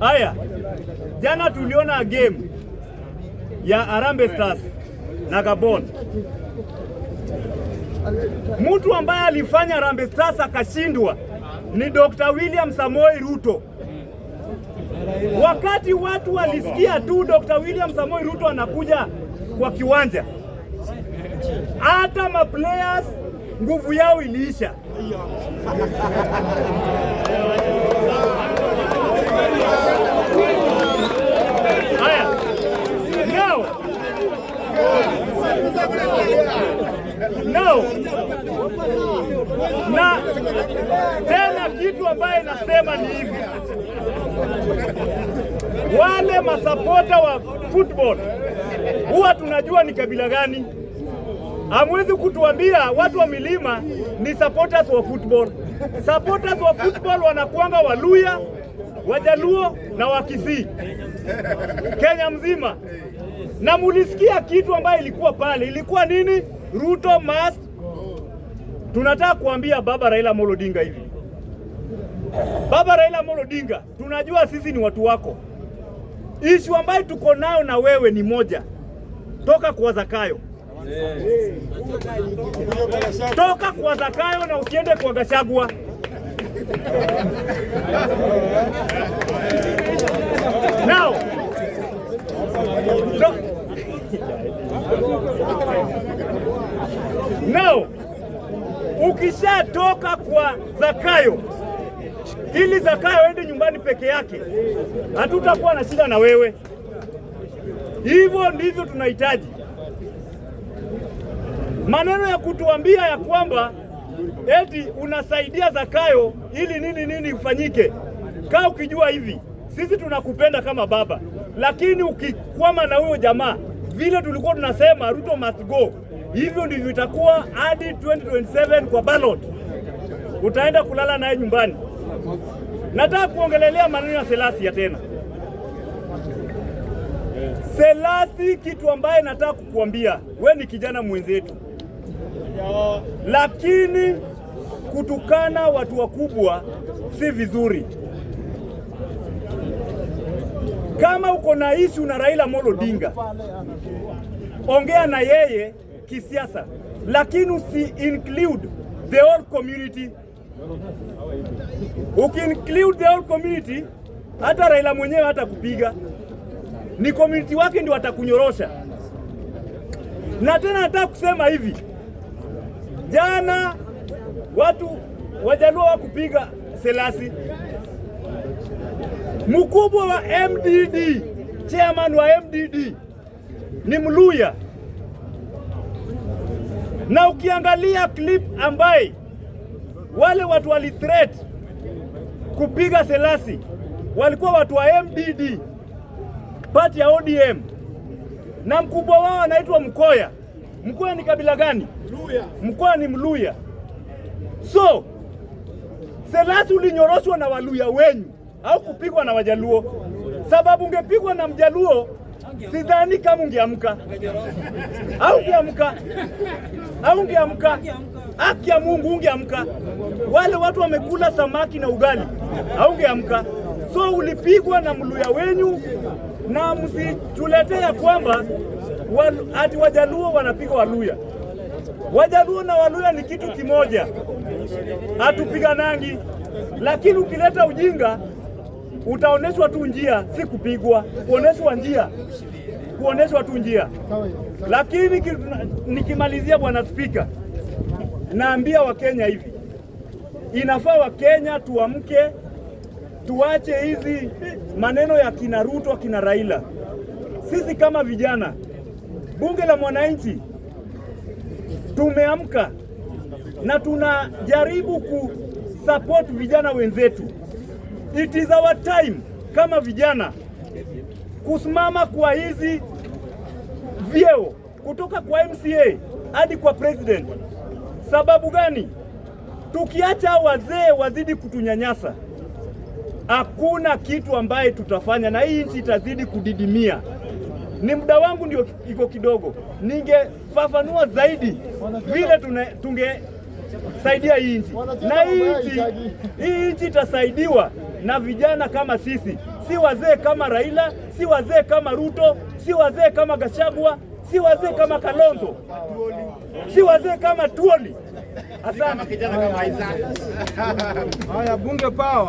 Haya, jana tuliona game ya Arambe Stars na Gabon. Mtu ambaye alifanya Arambe Stars akashindwa ni Dr. William Samoei Ruto. Wakati watu walisikia tu Dr. William Samoei Ruto anakuja kwa kiwanja, hata players nguvu yao iliisha. na tena kitu ambaye nasema ni hivi, wale masapota wa football huwa tunajua ni kabila gani. Hamwezi kutuambia watu wa milima ni supporters wa football. Supporters wa football wanakuanga Waluya, Wajaluo na Wakisii, Kenya mzima. Na mulisikia kitu ambayo ilikuwa pale, ilikuwa nini? Ruto must Tunataka kuambia baba Raila Amolo Odinga hivi, baba Raila Amolo Odinga, tunajua sisi ni watu wako. Ishu ambayo tuko nayo na wewe ni moja, toka kwa Zakayo, toka kwa Zakayo na usiende kwa Gashagwa. Now, now Ukishatoka kwa Zakayo ili Zakayo aende nyumbani peke yake, hatutakuwa na shida na wewe. Hivyo ndivyo tunahitaji maneno ya kutuambia ya kwamba eti unasaidia Zakayo ili nini nini ufanyike. Kaa ukijua hivi, sisi tunakupenda kama baba, lakini ukikwama na huyo jamaa vile tulikuwa tunasema Ruto must go Hivyo ndivyo itakuwa hadi 2027 kwa ballot. Utaenda kulala naye nyumbani. Nataka kuongelelea maneno ya ya tena. Selasi, kitu ambaye nataka kukuambia we ni kijana mwenzetu, lakini kutukana watu wakubwa si vizuri. Kama uko na issue na Raila molodinga Odinga, ongea na yeye kisiasa, lakini usi include the whole community. Uki include the whole community, hata Raila mwenyewe hata kupiga ni community wake ndio watakunyorosha. Na tena nataka kusema hivi, jana watu wajaluo wakupiga Selasi mkubwa wa MDD, chairman wa MDD ni Mluya. Na ukiangalia clip ambaye wale watu threat kupiga Selasi walikuwa watu wa MDD pati ya ODM na mkubwa wao anaitwa Mkoya. Mkoya ni kabila gani? Mkoya ni Mluya. So Selasi ulinyoroshwa na Waluya wenyu au kupigwa na Wajaluo? Sababu ungepigwa na Mjaluo Sidhani kama ungeamka au ungeamka au ungeamka, haki ya Mungu ungeamka. Wale watu wamekula samaki na ugali, au ungeamka? So ulipigwa na mluya wenyu, na msitulete ya kwamba wa, ati wajaluo wanapiga waluya. Wajaluo na waluya ni kitu kimoja, hatupiganangi, lakini ukileta ujinga utaoneshwa tu njia, si kupigwa, kuoneshwa njia, kuoneshwa tu njia. Lakini nikimalizia, Bwana Spika, naambia Wakenya hivi, inafaa Wakenya tuamke, tuache hizi maneno ya kina Ruto, kina Raila. Sisi kama vijana, bunge la mwananchi, tumeamka na tunajaribu ku support vijana wenzetu. It is our time kama vijana kusimama kwa hizi vyeo kutoka kwa MCA hadi kwa president. Sababu gani? Tukiacha wazee wazidi kutunyanyasa, hakuna kitu ambaye tutafanya, na hii nchi itazidi kudidimia. Ni muda wangu ndio iko kidogo, ningefafanua zaidi vile tungesaidia hii nchi, na hii nchi itasaidiwa na vijana kama sisi, si wazee kama Raila, si wazee kama Ruto, si wazee kama Gachagua, si wazee kama Kalonzo, si wazee kama Tuoli. Asante. Haya, bunge power.